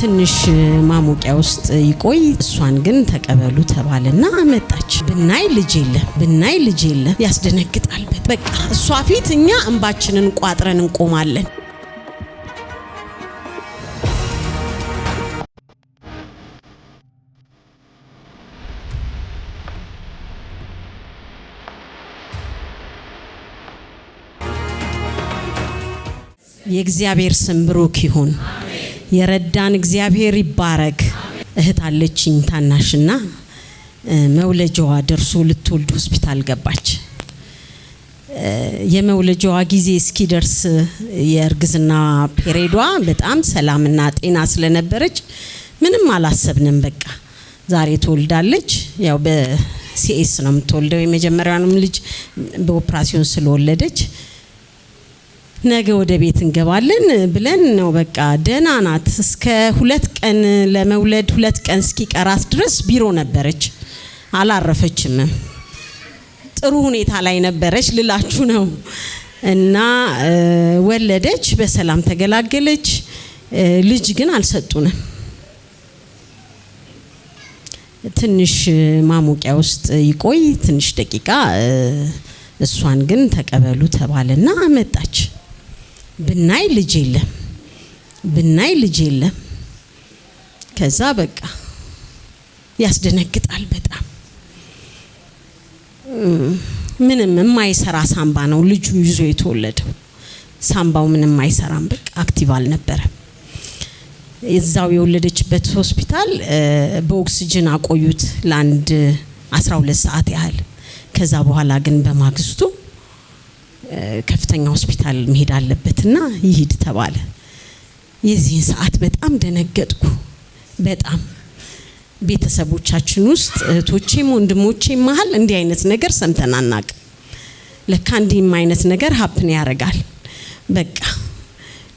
ትንሽ ማሞቂያ ውስጥ ይቆይ፣ እሷን ግን ተቀበሉ ተባለና አመጣች። ብናይ ልጅ የለም፣ ብናይ ልጅ የለም። ያስደነግጣል። በቃ እሷ ፊት እኛ እንባችንን ቋጥረን እንቆማለን። የእግዚአብሔር ስም ብሩክ ይሁን። የረዳን እግዚአብሔር ይባረክ። እህት አለችኝ ታናሽና መውለጃዋ ደርሶ ልትወልድ ሆስፒታል ገባች። የመውለጃዋ ጊዜ እስኪደርስ የእርግዝና ፔሬዷ በጣም ሰላምና ጤና ስለነበረች ምንም አላሰብንም። በቃ ዛሬ ትወልዳለች። ያው በሲኤስ ነው የምትወልደው። የመጀመሪያንም ልጅ በኦፕራሲዮን ስለወለደች ነገ ወደ ቤት እንገባለን ብለን ነው። በቃ ደህና ናት። እስከ ሁለት ቀን ለመውለድ ሁለት ቀን እስኪቀራት ድረስ ቢሮ ነበረች፣ አላረፈችም። ጥሩ ሁኔታ ላይ ነበረች ልላችሁ ነው። እና ወለደች፣ በሰላም ተገላገለች። ልጅ ግን አልሰጡንም። ትንሽ ማሞቂያ ውስጥ ይቆይ ትንሽ ደቂቃ እሷን ግን ተቀበሉ ተባለና አመጣች። ብናይ ልጅ የለም ብናይ ልጅ የለም። ከዛ በቃ ያስደነግጣል በጣም ምንም የማይሰራ ሳምባ ነው ልጁ ይዞ የተወለደው። ሳምባው ምንም አይሰራም፣ በቃ አክቲቭ አልነበረ። እዛው የወለደችበት ሆስፒታል በኦክስጅን አቆዩት ለአንድ 12 ሰዓት ያህል። ከዛ በኋላ ግን በማግስቱ ከፍተኛ ሆስፒታል መሄድ አለበትና ይሂድ ተባለ። የዚህን ሰዓት በጣም ደነገጥኩ። በጣም ቤተሰቦቻችን ውስጥ እህቶቼም ወንድሞቼም መሀል እንዲህ አይነት ነገር ሰምተን አናቅ። ለካ እንዲህም አይነት ነገር ሀፕን ያደርጋል። በቃ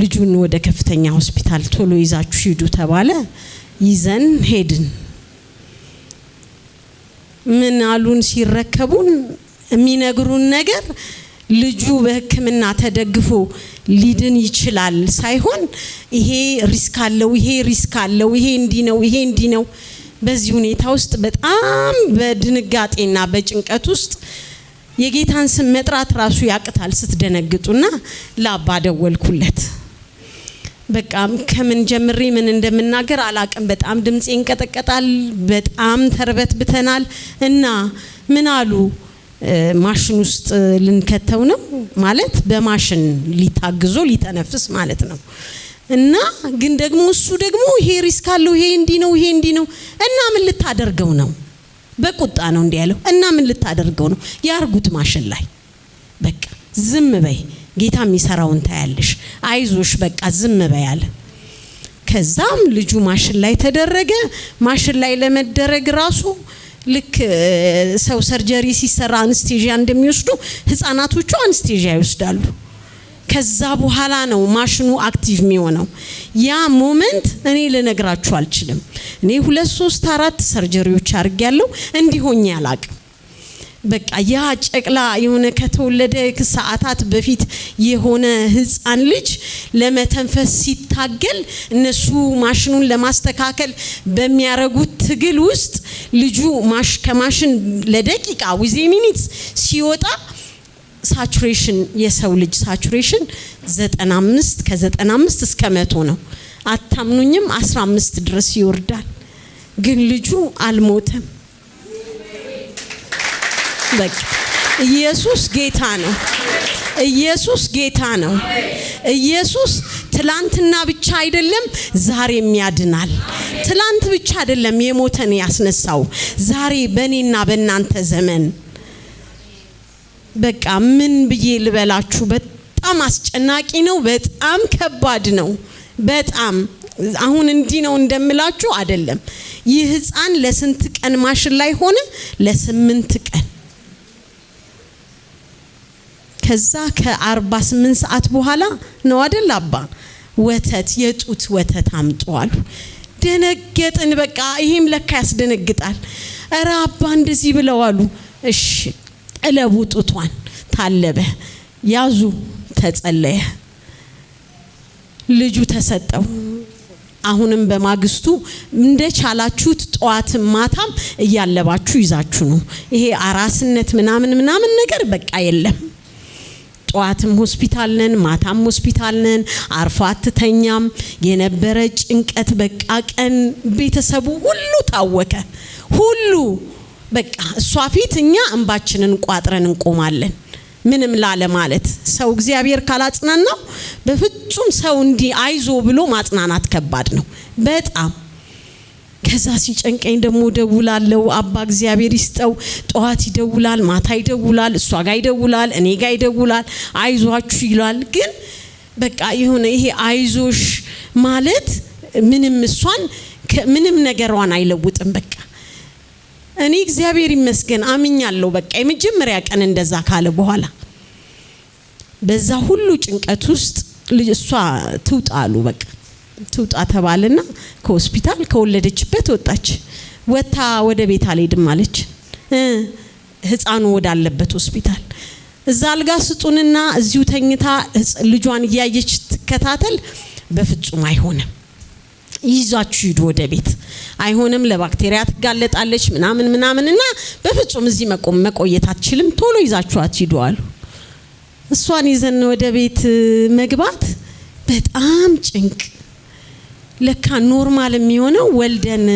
ልጁን ወደ ከፍተኛ ሆስፒታል ቶሎ ይዛችሁ ሂዱ ተባለ። ይዘን ሄድን። ምን አሉን ሲረከቡን የሚነግሩን ነገር ልጁ በሕክምና ተደግፎ ሊድን ይችላል ሳይሆን ይሄ ሪስክ አለው፣ ይሄ ሪስክ አለው፣ ይሄ እንዲህ ነው፣ ይሄ እንዲህ ነው። በዚህ ሁኔታ ውስጥ በጣም በድንጋጤና በጭንቀት ውስጥ የጌታን ስም መጥራት ራሱ ያቅታል ስትደነግጡና ለአባ ደወልኩለት። በቃ ከምን ጀምሬ ምን እንደምናገር አላቅም። በጣም ድምፄ ይንቀጠቀጣል። በጣም ተርበት ብተናል እና ምን አሉ ማሽን ውስጥ ልንከተው ነው ማለት በማሽን ሊታግዞ ሊተነፍስ ማለት ነው። እና ግን ደግሞ እሱ ደግሞ ይሄ ሪስክ አለው፣ ይሄ እንዲህ ነው፣ ይሄ እንዲህ ነው። እና ምን ልታደርገው ነው? በቁጣ ነው እንዲህ ያለው። እና ምን ልታደርገው ነው? ያርጉት ማሽን ላይ በቃ ዝም በይ፣ ጌታ የሚሰራውን ታያለሽ፣ አይዞሽ፣ በቃ ዝም በይ አለ። ከዛም ልጁ ማሽን ላይ ተደረገ። ማሽን ላይ ለመደረግ ራሱ ልክ ሰው ሰርጀሪ ሲሰራ አንስቴዥያ እንደሚወስዱ ህጻናቶቹ አንስቴዥያ ይወስዳሉ። ከዛ በኋላ ነው ማሽኑ አክቲቭ የሚሆነው። ያ ሞመንት እኔ ልነግራችሁ አልችልም። እኔ ሁለት ሶስት አራት ሰርጀሪዎች አድርጌያለሁ። እንዲሆኝ አላቅም። በቃ ያ ጨቅላ የሆነ ከተወለደ ሰዓታት በፊት የሆነ ህፃን ልጅ ለመተንፈስ ሲታገል እነሱ ማሽኑን ለማስተካከል በሚያረጉት ትግል ውስጥ ልጁ ከማሽን ለደቂቃ ዊዜ ሚኒት ሲወጣ ሳቹሬሽን የሰው ልጅ ሳቹሬሽን 95 ከ95 እስከ መቶ ነው። አታምኑኝም 15 ድረስ ይወርዳል። ግን ልጁ አልሞተም። በቃ ኢየሱስ ጌታ ነው። ኢየሱስ ጌታ ነው። ኢየሱስ ትላንትና ብቻ አይደለም ዛሬም ያድናል። ትላንት ብቻ አይደለም የሞተን ያስነሳው፣ ዛሬ በእኔና በእናንተ ዘመን በቃ ምን ብዬ ልበላችሁ? በጣም አስጨናቂ ነው። በጣም ከባድ ነው። በጣም አሁን እንዲህ ነው እንደምላችሁ አይደለም። ይህ ህፃን ለስንት ቀን ማሽን ላይ ሆነ? ለስምንት ቀን ከዛ ከ48 ሰዓት በኋላ ነው አደል አባ ወተት የጡት ወተት አምጡ ደነገጥን። በቃ ይሄም ለካ ያስደነግጣል። እረ አባ እንደዚህ ብለው አሉ። እሺ እለቡ ጡቷን። ታለበ፣ ያዙ፣ ተጸለየ፣ ልጁ ተሰጠው። አሁንም በማግስቱ ቻላችሁት ጠዋትም ማታም እያለባችሁ ይዛችሁ ነው። ይሄ አራስነት ምናምን ምናምን ነገር በቃ የለም። ጠዋትም ሆስፒታል ነን፣ ማታም ሆስፒታል ነን። አርፎ አትተኛም። የነበረ ጭንቀት በቃ ቀን ቤተሰቡ ሁሉ ታወከ። ሁሉ በቃ እሷ ፊት እኛ እንባችንን ቋጥረን እንቆማለን። ምንም ላለ ማለት ሰው እግዚአብሔር ካላጽናናው በፍጹም ሰው እንዲህ አይዞ ብሎ ማጽናናት ከባድ ነው በጣም ከዛ ሲጨንቀኝ ደግሞ ደውላለው አባ እግዚአብሔር ይስጠው። ጠዋት ይደውላል፣ ማታ ይደውላል፣ እሷ ጋ ይደውላል፣ እኔ ጋ ይደውላል። አይዟችሁ ይሏል። ግን በቃ የሆነ ይሄ አይዞሽ ማለት ምንም እሷን ምንም ነገሯን አይለውጥም። በቃ እኔ እግዚአብሔር ይመስገን አምኛለሁ። በቃ የመጀመሪያ ቀን እንደዛ ካለ በኋላ በዛ ሁሉ ጭንቀት ውስጥ እሷ ትውጣሉ በቃ ትውጣ ተባለና ከሆስፒታል ከወለደችበት ወጣች። ወታ ወደ ቤት አልሄድም አለች። ህፃኑ ወዳለበት ሆስፒታል እዛ አልጋ ስጡንና እዚሁ ተኝታ ልጇን እያየች ትከታተል። በፍጹም አይሆንም፣ ይዟችሁ ሂዱ ወደ ቤት። አይሆንም፣ ለባክቴሪያ ትጋለጣለች ምናምን ምናምን እና በፍጹም እዚህ መቆም መቆየት አትችልም፣ ቶሎ ይዛችኋት ሂዱ አሉ። እሷን ይዘን ወደ ቤት መግባት በጣም ጭንቅ ለካ ኖርማል የሚሆነው ወልደን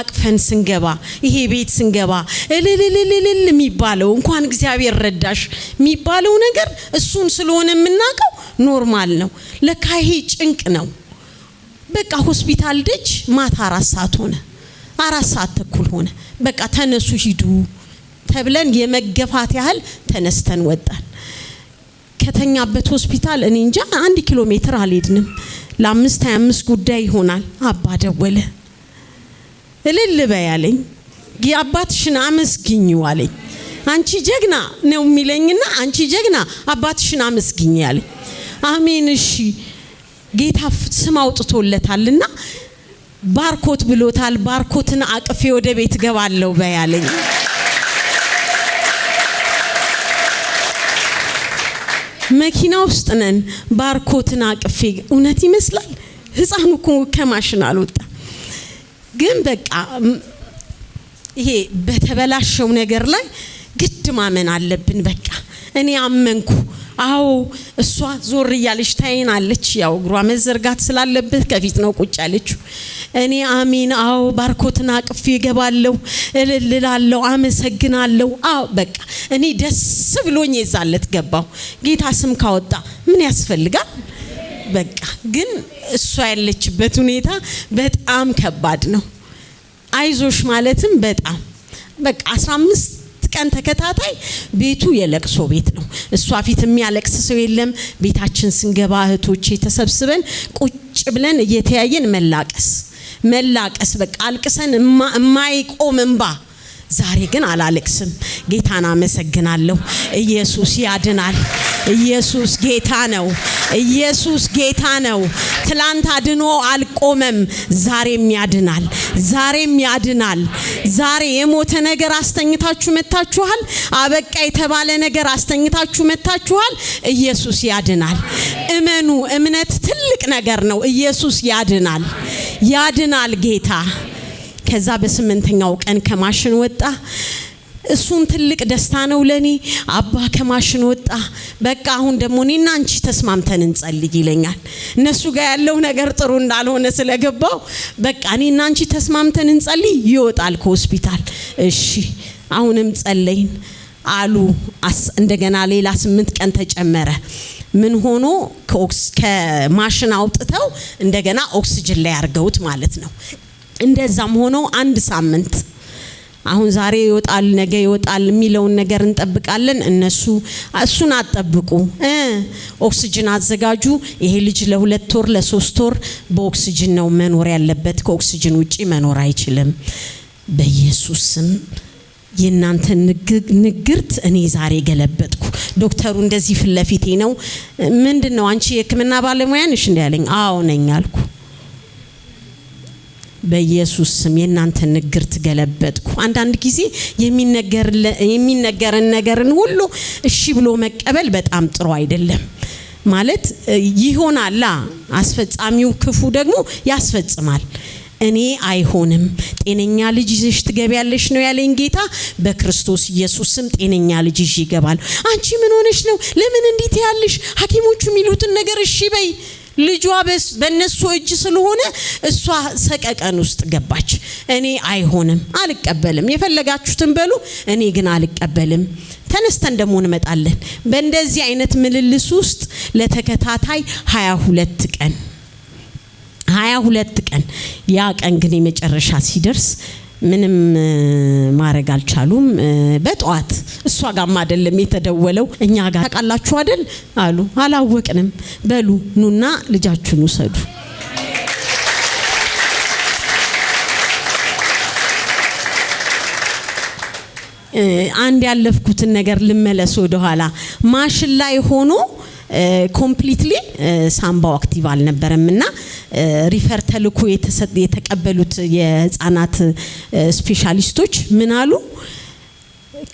አቅፈን ስንገባ ይሄ ቤት ስንገባ እልልልልልል የሚባለው እንኳን እግዚአብሔር ረዳሽ የሚባለው ነገር እሱን ስለሆነ የምናውቀው ኖርማል ነው። ለካ ይሄ ጭንቅ ነው። በቃ ሆስፒታል ደጅ ማታ አራት ሰዓት ሆነ፣ አራት ሰዓት ተኩል ሆነ። በቃ ተነሱ ሂዱ ተብለን የመገፋት ያህል ተነስተን ወጣን። ከተኛበት ሆስፒታል እኔ እንጃ አንድ ኪሎ ሜትር አልሄድንም። ለአምስት ሀያ አምስት ጉዳይ ይሆናል። አባ ደወለ። እልል በያለኝ አባትሽን አመስግኝ አለኝ። አንቺ ጀግና ነው የሚለኝና አንቺ ጀግና አባትሽን አመስግኝ አለኝ። አሜን እሺ። ጌታ ስም አውጥቶለታልና ባርኮት ብሎታል። ባርኮትን አቅፌ ወደ ቤት ገባለሁ በያለኝ። መኪና ውስጥ ነን። ባርኮትን አቅፌ እውነት ይመስላል ህፃኑ እኮ ከማሽን አልወጣ። ግን በቃ ይሄ በተበላሸው ነገር ላይ ግድ ማመን አለብን። በቃ እኔ አመንኩ። አዎ እሷ ዞር እያለች ታይናለች። ያው እግሯ መዘርጋት ስላለበት ከፊት ነው ቁጭ ያለችው። እኔ አሚን፣ አዎ ባርኮትን አቅፍ ይገባለሁ እልልላለሁ፣ አመሰግናለሁ። አዎ በቃ እኔ ደስ ብሎኝ የዛለት ገባው። ጌታ ስም ካወጣ ምን ያስፈልጋል? በቃ ግን እሷ ያለችበት ሁኔታ በጣም ከባድ ነው። አይዞሽ ማለትም በጣም በቃ አምስት ቀን ተከታታይ ቤቱ የለቅሶ ቤት ነው። እሷ ፊት የሚያለቅስ ሰው የለም። ቤታችን ስንገባ እህቶቼ ተሰብስበን ቁጭ ብለን እየተያየን መላቀስ መላቀስ በቃ አልቅሰን የማይቆም እንባ ዛሬ ግን አላለቅስም። ጌታን አመሰግናለሁ። ኢየሱስ ያድናል። ኢየሱስ ጌታ ነው። ኢየሱስ ጌታ ነው። ትላንት አድኖ አልቆመም። ዛሬም ያድናል። ዛሬም ያድናል። ዛሬ የሞተ ነገር አስተኝታችሁ መታችኋል። አበቃ የተባለ ነገር አስተኝታችሁ መታችኋል። ኢየሱስ ያድናል። እመኑ። እምነት ትልቅ ነገር ነው። ኢየሱስ ያድናል። ያድናል ጌታ። ከዛ በስምንተኛው ቀን ከማሽን ወጣ። እሱን ትልቅ ደስታ ነው ለኔ። አባ ከማሽን ወጣ፣ በቃ አሁን ደግሞ እኔና አንቺ ተስማምተን እንጸልይ ይለኛል። እነሱ ጋር ያለው ነገር ጥሩ እንዳልሆነ ስለገባው በቃ እኔና አንቺ ተስማምተን እንጸልይ ይወጣል ከሆስፒታል። እሺ አሁንም ጸለይን አሉ። እንደገና ሌላ ስምንት ቀን ተጨመረ። ምን ሆኖ ከማሽን አውጥተው እንደገና ኦክስጅን ላይ አድርገውት ማለት ነው። እንደዛም ሆነው አንድ ሳምንት አሁን ዛሬ ይወጣል ነገ ይወጣል የሚለውን ነገር እንጠብቃለን። እነሱ እሱን አጠብቁ። ኦክስጅን አዘጋጁ። ይሄ ልጅ ለሁለት ወር ለሶስት ወር በኦክስጅን ነው መኖር ያለበት። ከኦክስጅን ውጪ መኖር አይችልም። በኢየሱስ ስም የእናንተ ንግርት እኔ ዛሬ ገለበጥኩ። ዶክተሩ እንደዚህ ፊት ለፊቴ ነው። ምንድን ነው አንቺ የህክምና ባለሙያ ነሽ እንዲ ያለኝ፣ አዎ ነኝ አልኩ። በኢየሱስ ስም የእናንተ ንግርት ገለበጥኩ። አንዳንድ ጊዜ የሚነገርን ነገርን ሁሉ እሺ ብሎ መቀበል በጣም ጥሩ አይደለም። ማለት ይሆናላ፣ አስፈጻሚው ክፉ ደግሞ ያስፈጽማል። እኔ አይሆንም፣ ጤነኛ ልጅ ይዘሽ ትገቢያለሽ ነው ያለኝ ጌታ። በክርስቶስ ኢየሱስም ጤነኛ ልጅ ይዤ ይገባል። አንቺ ምን ሆነሽ ነው? ለምን እንዲት ያልሽ? ሐኪሞቹ የሚሉትን ነገር እሺ በይ ልጇ በእነሱ እጅ ስለሆነ እሷ ሰቀቀን ውስጥ ገባች። እኔ አይሆንም፣ አልቀበልም፣ የፈለጋችሁትን በሉ፣ እኔ ግን አልቀበልም። ተነስተን ደግሞ እንመጣለን። በእንደዚህ አይነት ምልልስ ውስጥ ለተከታታይ ሀያ ሁለት ቀን ሀያ ሁለት ቀን ያ ቀን ግን የመጨረሻ ሲደርስ ምንም ማድረግ አልቻሉም። በጠዋት እሷ ጋርም አይደለም የተደወለው እኛ ጋር ታውቃላችሁ አይደል አሉ። አላወቅንም። በሉ ኑና ልጃችሁን ውሰዱ። አንድ ያለፍኩትን ነገር ልመለስ ወደኋላ ማሽን ላይ ሆኖ ኮምፕሊትሊ ሳምባው አክቲቭ አልነበረም እና ሪፈር ተልኮ የተቀበሉት የህፃናት ስፔሻሊስቶች ምን አሉ?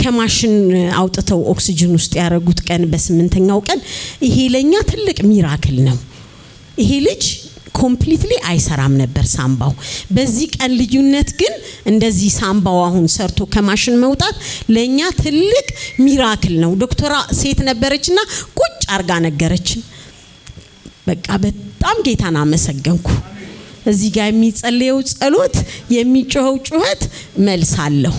ከማሽን አውጥተው ኦክስጅን ውስጥ ያደረጉት ቀን በስምንተኛው ቀን ይሄ ለእኛ ትልቅ ሚራክል ነው። ይሄ ልጅ ኮምፕሊትሊ አይሰራም ነበር ሳምባው። በዚህ ቀን ልዩነት ግን እንደዚህ ሳምባው አሁን ሰርቶ ከማሽን መውጣት ለእኛ ትልቅ ሚራክል ነው። ዶክተሯ ሴት ነበረችና ቁጭ አርጋ ነገረችን። በቃ በጣም ጌታን አመሰገንኩ። እዚህ ጋር የሚጸልየው ጸሎት፣ የሚጮኸው ጩኸት መልስ አለው።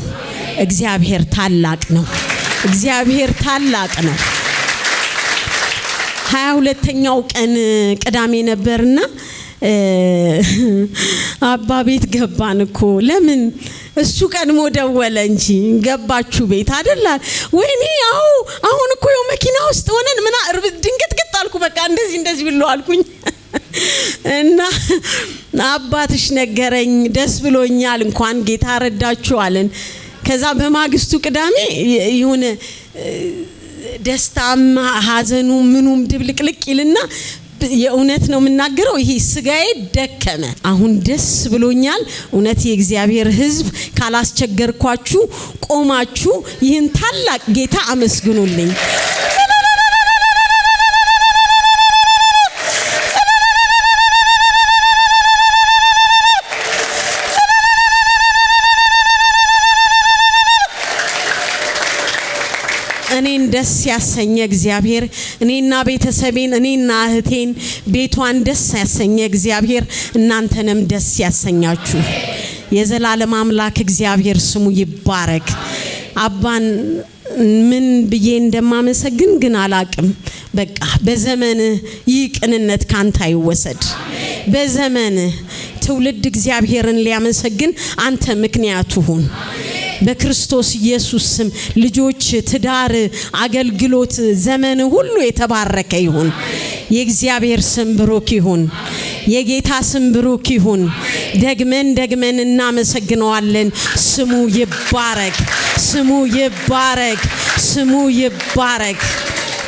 እግዚአብሔር ታላቅ ነው። እግዚአብሔር ታላቅ ነው። ሀያ ሁለተኛው ቀን ቅዳሜ ነበርና አባ ቤት ገባን እኮ ለምን እሱ ቀድሞ ደወለ እንጂ ገባችሁ ቤት አደላል ወይኔ ያው አሁን እኮ የው መኪና ውስጥ ሆነን ምና ድንገት ቅጥ አልኩ። በቃ እንደዚህ እንደዚህ ብሎ አልኩኝ እና አባትሽ ነገረኝ። ደስ ብሎኛል። እንኳን ጌታ ረዳችኋልን። ከዛ በማግስቱ ቅዳሜ የሆነ ደስታም ሀዘኑ ምኑም ድብልቅልቅ ይልና የእውነት ነው የምናገረው። ይሄ ስጋዬ ደከመ፣ አሁን ደስ ብሎኛል። እውነት የእግዚአብሔር ሕዝብ ካላስቸገርኳችሁ ቆማችሁ ይህን ታላቅ ጌታ አመስግኑልኝ። እኔን ደስ ያሰኘ እግዚአብሔር እኔና ቤተሰቤን እኔና እህቴን ቤቷን ደስ ያሰኘ እግዚአብሔር እናንተንም ደስ ያሰኛችሁ። የዘላለም አምላክ እግዚአብሔር ስሙ ይባረክ። አባን ምን ብዬ እንደማመሰግን ግን አላቅም። በቃ በዘመንህ ይህ ቅንነት ካንተ አይወሰድ። በዘመንህ ትውልድ እግዚአብሔርን ሊያመሰግን አንተ ምክንያቱ ሁን። በክርስቶስ ኢየሱስ ስም ልጆች፣ ትዳር፣ አገልግሎት፣ ዘመን ሁሉ የተባረከ ይሁን። የእግዚአብሔር ስም ብሩክ ይሁን። የጌታ ስም ብሩክ ይሁን። ደግመን ደግመን እናመሰግነዋለን። ስሙ ይባረክ፣ ስሙ ይባረክ፣ ስሙ ይባረክ።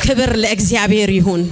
ክብር ለእግዚአብሔር ይሁን።